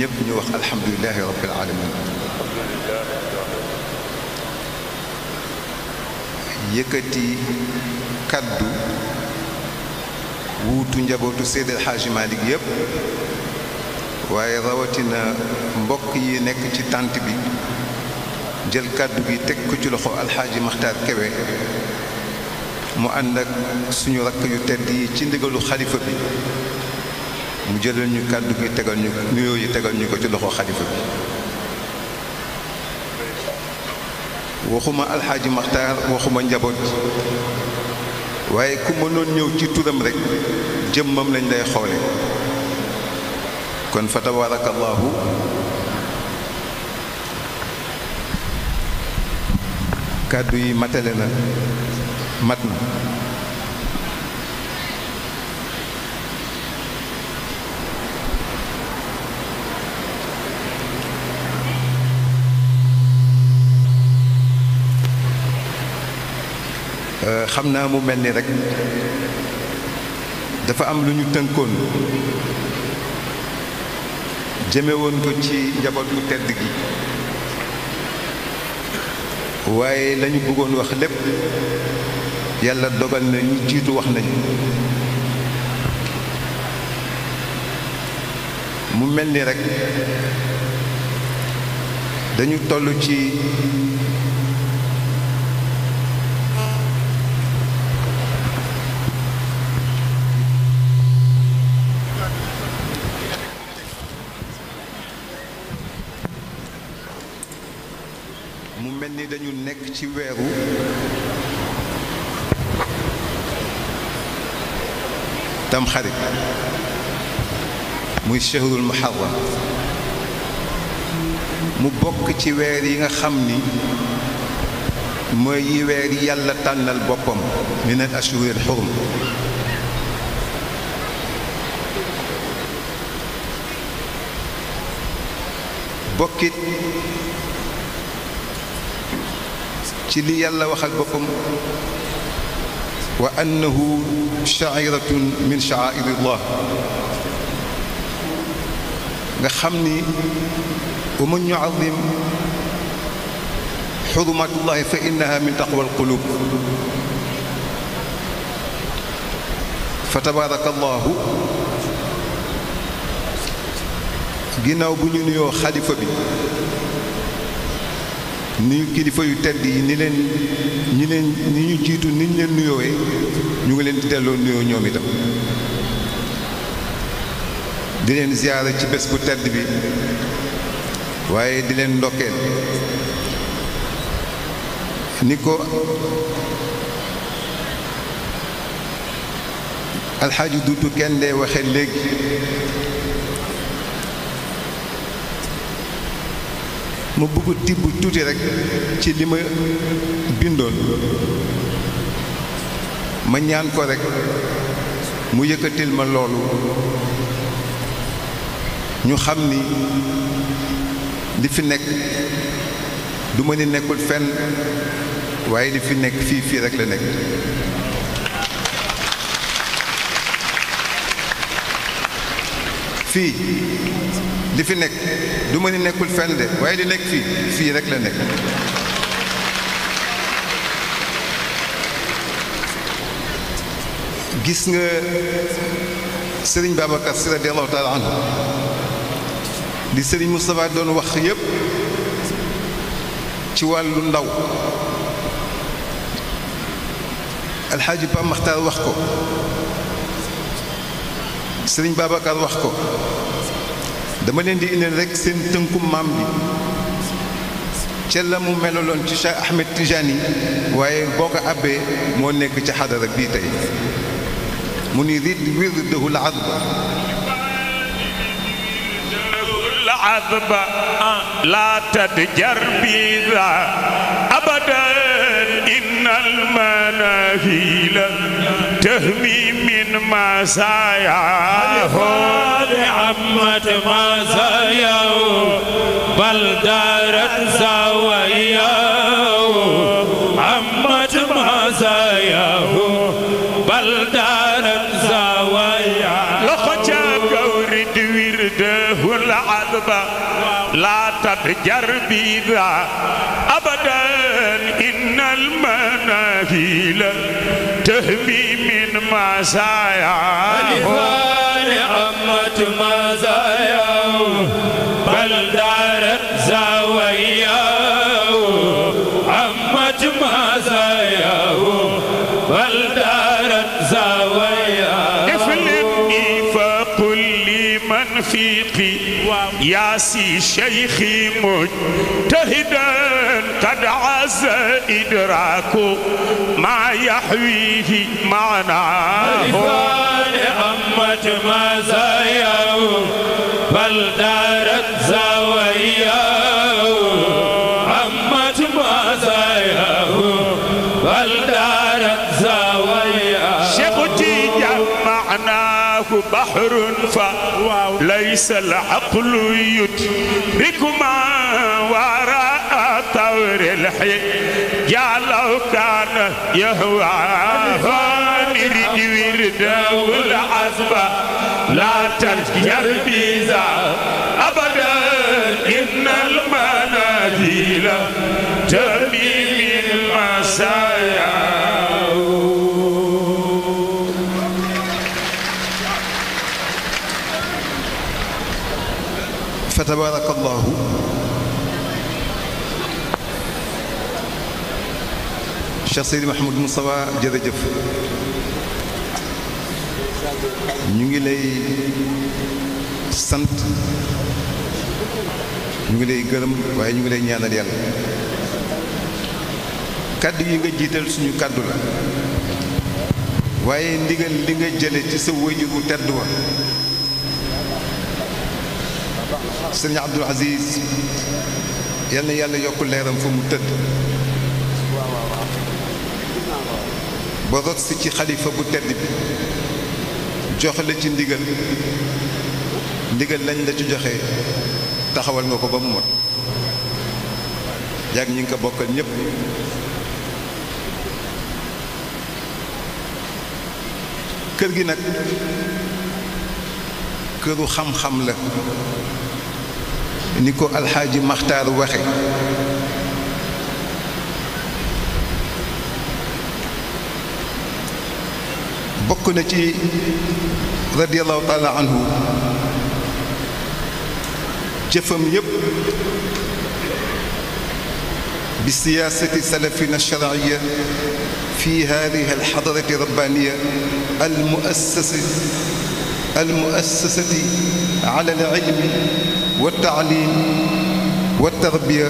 ñëpp ñu wax alhamdulilahi rabbil alamin yëkkati kaddu wuutu njabootu Seydi El Hadji Malick yëpp waaye rawatina mbokk yi nekk ci tànt bi jël kàddu gi teg ko ci loxo alxaaji maxtaar kewe mu ànd ak suñu rakk yu tedd yi ci ndigalu xalifa bi mu jëlal ñu kàddu gi tegal ñu nuyoo yi tegal ñu ko ci loxo xalifa bi waxuma alxaaji maxtaar waxuma njaboot waaye ku mënoon ñëw ci turam rek jëmmam lañ lay xoole kon fa tabaarakallaahu kàddu yi matale na mat na xam naa mu mel ni rek dafa am lu ñu tënkoon jëme woon ko ci njaboot mu tedd gi waaye lañu bëggoon wax lépp yàlla dogal na ñu jiitu wax nañu mu mel ni rekk dañu toll ci nekk ci weeru tamxarit muy shahrul muharram mu bokk ci weer yi nga xam ni mooy yi weer yàlla tànnal boppam min al ashhuril xurum bokkit ci li yàlla wax ak boppam wa annahu chairatun min chaairillah nga xam ni wa man yuazim xurumatullahi fa innaha min taqwa alqulub fa tabaraka allahu ginnaaw bu ñu nuyoo xalifa bi ni kilifa yu tedd yi ni leen ñi leen ni ñu jiitu ni ñu leen nuyoowee ñu ngi leen di delloo nuyoo ñoom itam di leen ziyaara ci bés bu tedd bi waaye di leen ndokkeel ni ko alxaaji duutu kenn dee waxe léegi mu bëgg tibb tuuti rek ci li ma bindoon ma ñaan ko rek mu yëkkatil ma loolu ñu xam ni li fi nekk du ma ni nekkul fenn waaye li fi nekk fii fii rek la nekk fii li fi nekk du ma ni nekkul fenn de waaye di nekk fii fii rek la nekk gis nga sëriñ Babacar Sy radiyallahu taala anhu li sëriñ Moustapha doon wax yépp ci wàllu ndaw alxaaji Pam Maxtaar wax ko sëriñ Babacar wax ko dama leen di indil rek seen tënkum maam bi ca la mu meloloon ci Cheikh Ahmed Tijani waaye boo ko abbee moo nekk ci xadara bi tey mu ni rid wirdahu l adba العذب لا تدجر بذا أبدا إن المناهيل تهمي من مزايا خذ عمة مزايا بل دارت زوايا عمة مزايا بل دارت زوايا لخجا قورد ورده العذب لا تتجر بذا أبدا إن المنافيل وهبي من مزايا لفالحمة مزايا بل دار زاوية عمة مزايا بل دار زاوية افلمني فقل لي من في قي يا سي شيخي مجتهدا قد عز إدراك ما يحويه معناه أمة ما زايا بل دارت زواياه بحر فليس العقل يدرك ما وراء طور الحي يا لو كان يهوى فانرد ورده العزب لا تجر بيزا ابدا ان المنازل جميل fa tabaarakallaahu Cheikh Seydi Mouhamadou Moustapha jërëjëf ñu ngi lay sant ñu ngi lay gërëm waaye ñu ngi lay ñaanal yàlla kàddu yi nga jiital suñu kàddu la waaye ndigal li nga jële ci sa wëyjur tedd wa sëriñ Abdul Aziz yal na yàlla yokk leeram fa mu tëdd ba rot si ci xalifa bu tedd bi jox la ci ndigal ndigal lañ la ci joxe taxawal nga ko ba mu mot ñi nga ko bokkal ñépp kër gi nag këru xam-xam la ni ko alxaaji maxtaar waxe bokk na ci radiallahu taala anhu jëfam yépp bi siyaasati salafina alsharciya fi hadihi alxadarati rabbaniya almuassasi almuassasati ala alilmi wa taalim wa tarbiya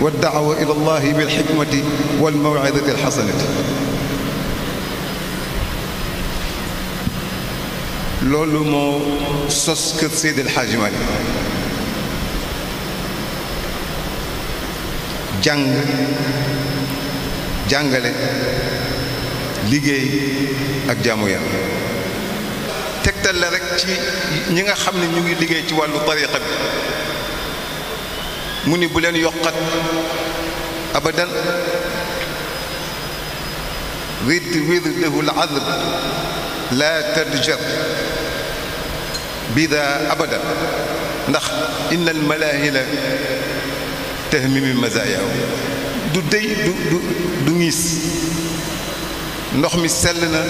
wa daawa ila allahi bilxikmati walmawcidati alxasanati loolu moo sos kër Seydi El Hadji Malick jàng jàngale liggéey ak jaamu yàlla la rek ci nga xam ne ñu ngi liggéey ci wàllu tariqa mu ni bu leen yokkat abadan wird wirdahu lazab la tadjar bida abadan ndax inna almalahila tahmimi mazayaw du déy du du du ngiis ndox mi sell na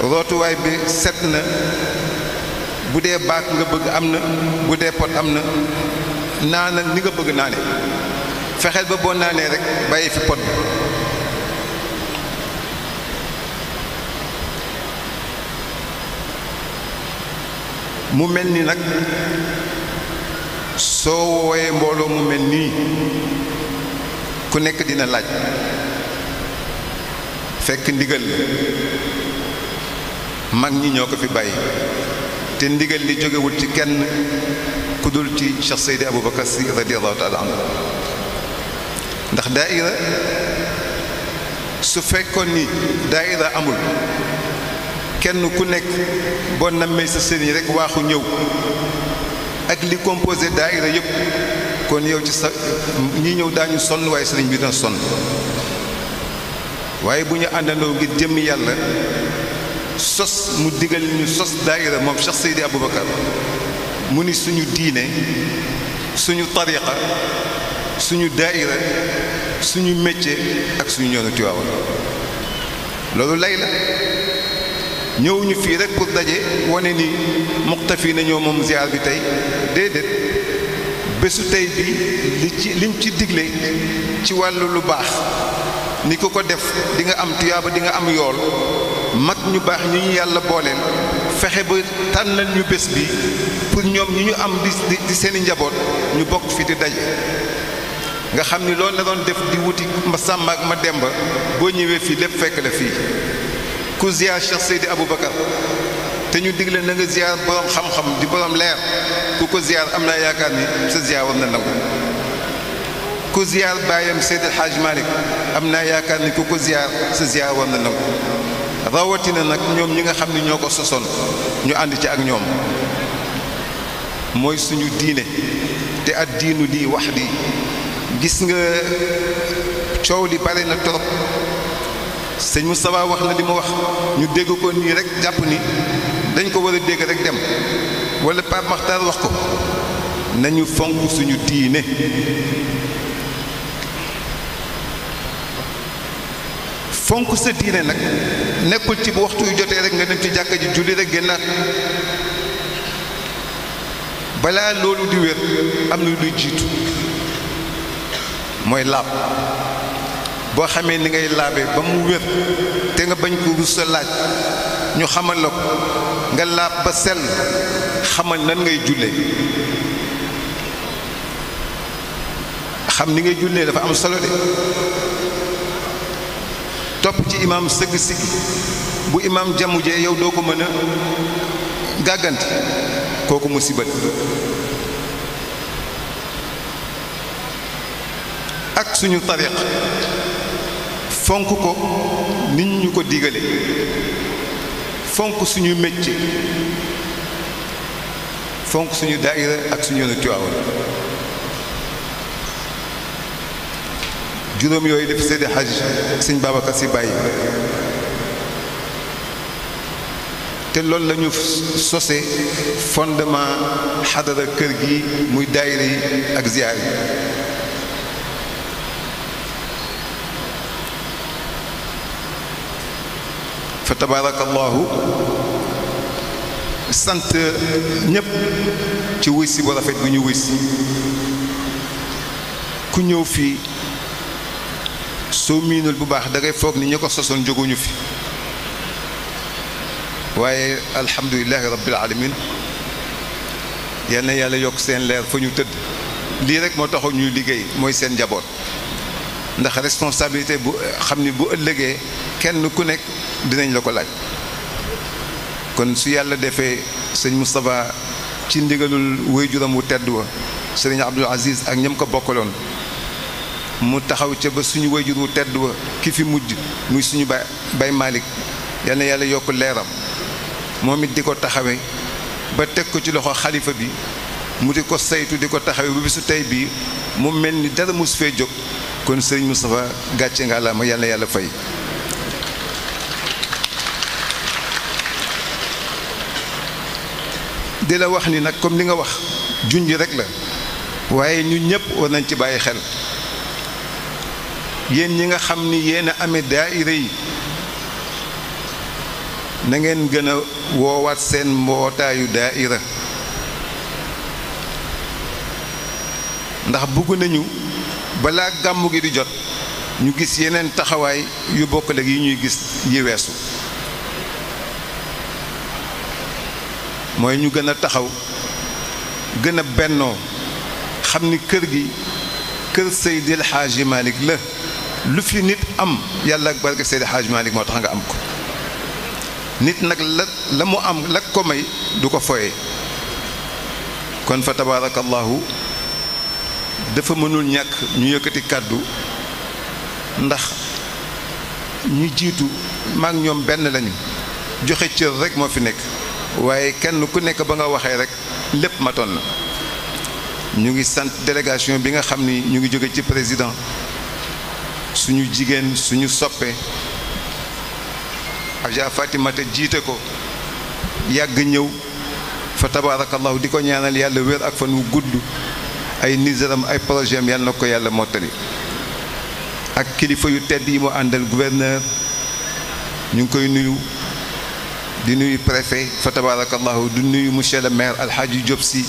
rootuwaay bi set na bu dee baak nga bëgg am na bu dee pot am na naana ni nga bëgg naane fexeel ba boo naanee rek bàyyi fi pot mu mel ni nag soo wooyee mbooloo mu mel nii ku nekk dina laaj fekk ndigal la mag ñi ñoo ko fi bàyyi te ndigal li jógewul ci kenn ku dul ci Cheikh Seydi Aboubacar Sy radiallahu taala anhu ndax daaira su fekkoon ni daa ira amul kenn ku nekk boo nammee sa sëriñ rek waaxu ñëw ak li composé daaira yëpp kon yow ci sa ñi ñëw daañu sonn waaye sëriñ bi dina sonn waaye bu ñu àndandoo ngir jëmm yàlla sos mu digal ñu sos daayira moom Cheikh Seydi Aboubacar mu ni suñu diine suñu tariqa suñu daayira suñu métier ak suñu ñoonu Tiwaawan loolu lay la ñëwuñu fii rek pour daje wone ni muxtafi nañoo moom ziar bi tey déedéet bésu tey bi li ci liñ ci digle ci wàll lu baax ni ku ko def dinga am tuyaaba di nga am yool mag ñu baax ñu ñu yàlla booleel fexe ba tànnal ñu bés bi pour ñoom ñu ñu am di di seeni njaboot ñu bokk fi di daje nga xam ni loolu la doon def di wuti ma sàmm ma demba boo ñëwee fii lépp fekk la fii ku ziar Cheikh Seydi Aboubacar te ñu digle na nga ziar boroom xam-xam di boroom leer ku ko ziar am naa yaakaar ni sa ziar war na naw ku ziar baayam Seydi El Hadj am naa yaakaar ni ku ko ziar sa ziar war na nangu rawatina nag ñoom ñi nga xam ne ñoo ko sosoon ñu ànd ci ak ñoom mooy suñu diine te at diinu lii wax di gis nga coow li bare na torop sëñ Moustapha wax na li ma wax ñu dégg ko nii rek jàpp ni dañ ko war a dégg rek dem wala Pape wax ko nañu fonk suñu diine fonk sa diine nag nekkul ci bu waxtu yu jotee rek nga dem ci jàkka ji julli rek génnaat balaa loolu di wér am na luy jiitu mooy laab boo xamee ni ngay laabe ba mu wér te nga bañ ko rus sa laaj ñu xamal la ko nga laab ba sell xamal nan ngay jullee xam ni ngay jullee dafa am solo de topp ci imaam sëgg si bu imaam jamu jee yow doo ko mën a gàggante kooku musibat ak suñu tariq fonk ko nit ñu ko digale fonk suñu métier fonk suñu daayira ak suñu yoonu Tiwaawan juróom yooyu def seede xaj sëñ Babacar si bàyyi te loolu la ñu sose fondement xadara kër gi muy daayira yi ak ziyaar yi fa tabaarakallaahu sant ñépp ci wuy si bu rafet bu ñu wuy si ku ñëw fii soo miinul bu baax da ngay foog ni ñu ko sosoon jóguñu fi waaye alhamdulilahi rabbil alamin yàlla yokk seen leer fa ñu tëdd lii rek moo taxoon ñuy liggéey mooy seen njaboot ndax responsabilité bu xam ni bu ëllëgee kenn ku nekk dinañ la ko laaj kon su yàlla defee sëñ Moustapha ci ndigalul wéy juram wu tedd wa sëriñ Abdul Aziz ak ñam ko bokkaloon mu taxaw ca ba suñu wayjur wu tedd wa ki fi mujj muy suñu bay bay Malick yal yàlla yokk leeram moom it di ko taxawe ba teg ko ci loxo xalifa bi mu di ko saytu di ko taxawe bu bisu tey bii mu mel ni dara mus fee jóg kon sëriñ Moustapha gàcce nga alaama yal na yàlla fay di la wax ni nag comme li nga wax juñ junj rek la waaye ñu ñëpp war nañ ci bàyyi xel yéen ñi nga xam ni yéen a amee daayira yi na ngeen gën a woowaat seen mbootaayu daayira ndax bëgg nañu balaa gàmmu gi di jot ñu gis yeneen taxawaay yu bokkale yi ñuy gis yi weesu mooy ñu gën a taxaw gën a bennoo xam ni kër gi kër Seydil Xaaji Malik la lu fi nit am yàlla ak barke Seydi Hadj Malick moo tax nga am ko nit nag la la mu am la ko may du ko foye kon fa tabaarakallaahu dafa mënul ñàkk ñu yëkkati kàddu ndax ñu jiitu maak ñoom benn lañu joxe cër rek moo fi nekk waaye kenn ku nekk ba nga waxee rek lépp matoon na ñu ngi sant délégation bi nga xam ni ñu ngi jóge ci président suñu jigéen suñu soppe Aja Fatimata jiite ko yàgg ñëw fa tabaarakallahu di ko ñaanal yàlla wér ak fan wu gudd ay nizaram ay projet am yàlla na ko yàlla mottali ak kilifa yu tedd yi mu àndal gouverneur ñu ngi koy nuyu di nuyu préfet fa tabaarakallahu di nuyu monsieur le maire Alxaaji Diop Sy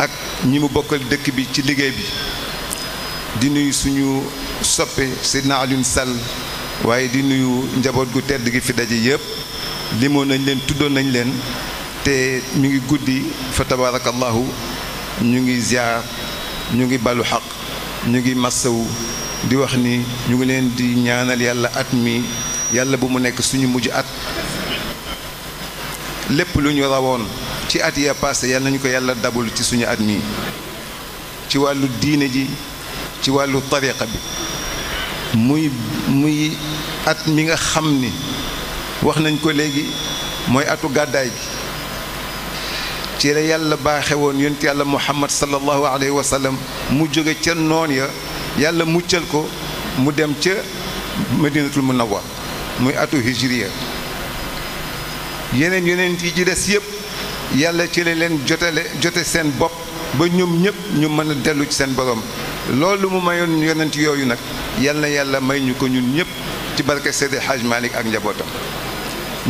ak ñi mu bokkal dëkk bi ci liggéey bi di nuyu suñu soppi Seydina Alioune sal waaye di nuyu njaboot gu tedd gi fi daje yëpp limoon nañ leen tuddoon nañ leen te ñu ngi guddi fa tabarakallahu ñu ngi ziar ñu ngi balu xaq ñu ngi massawu di wax ni ñu ngi leen di ñaanal yàlla at mi yàlla bu mu nekk suñu mujj at lépp lu ñu rawoon ci at ya passé yàlla nañu ko yàlla dabul ci suñu at mi ci wàllu diine ji ci wàllu tariqa bi muy muy at mi nga xam ni wax nañ ko léegi mooy atu gàddaay gi ci la yàlla baaxe woon yonent yàlla muhammad sallallahu alayhi wa sallam mu jóge ca noon ya yàlla muccal ko mu dem ca madinatul munawwar muy atu hijriya yeneen yeneen yi ci des yëpp yàlla ci la leen jotale jote seen bopp ba ñoom ñëpp ñu mën a dellu ci seen borom loolu mu mayoon yonent yooyu nag yal na yàlla may ñu ko ñun ñëpp ci barke Seydi Haj Malick ak njabootam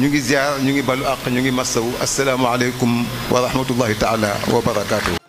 ñu ngi ziar ñu ngi balu àq ñu ngi masawu asalaamualeykum wa rahmatullahi taala wa barakaatu.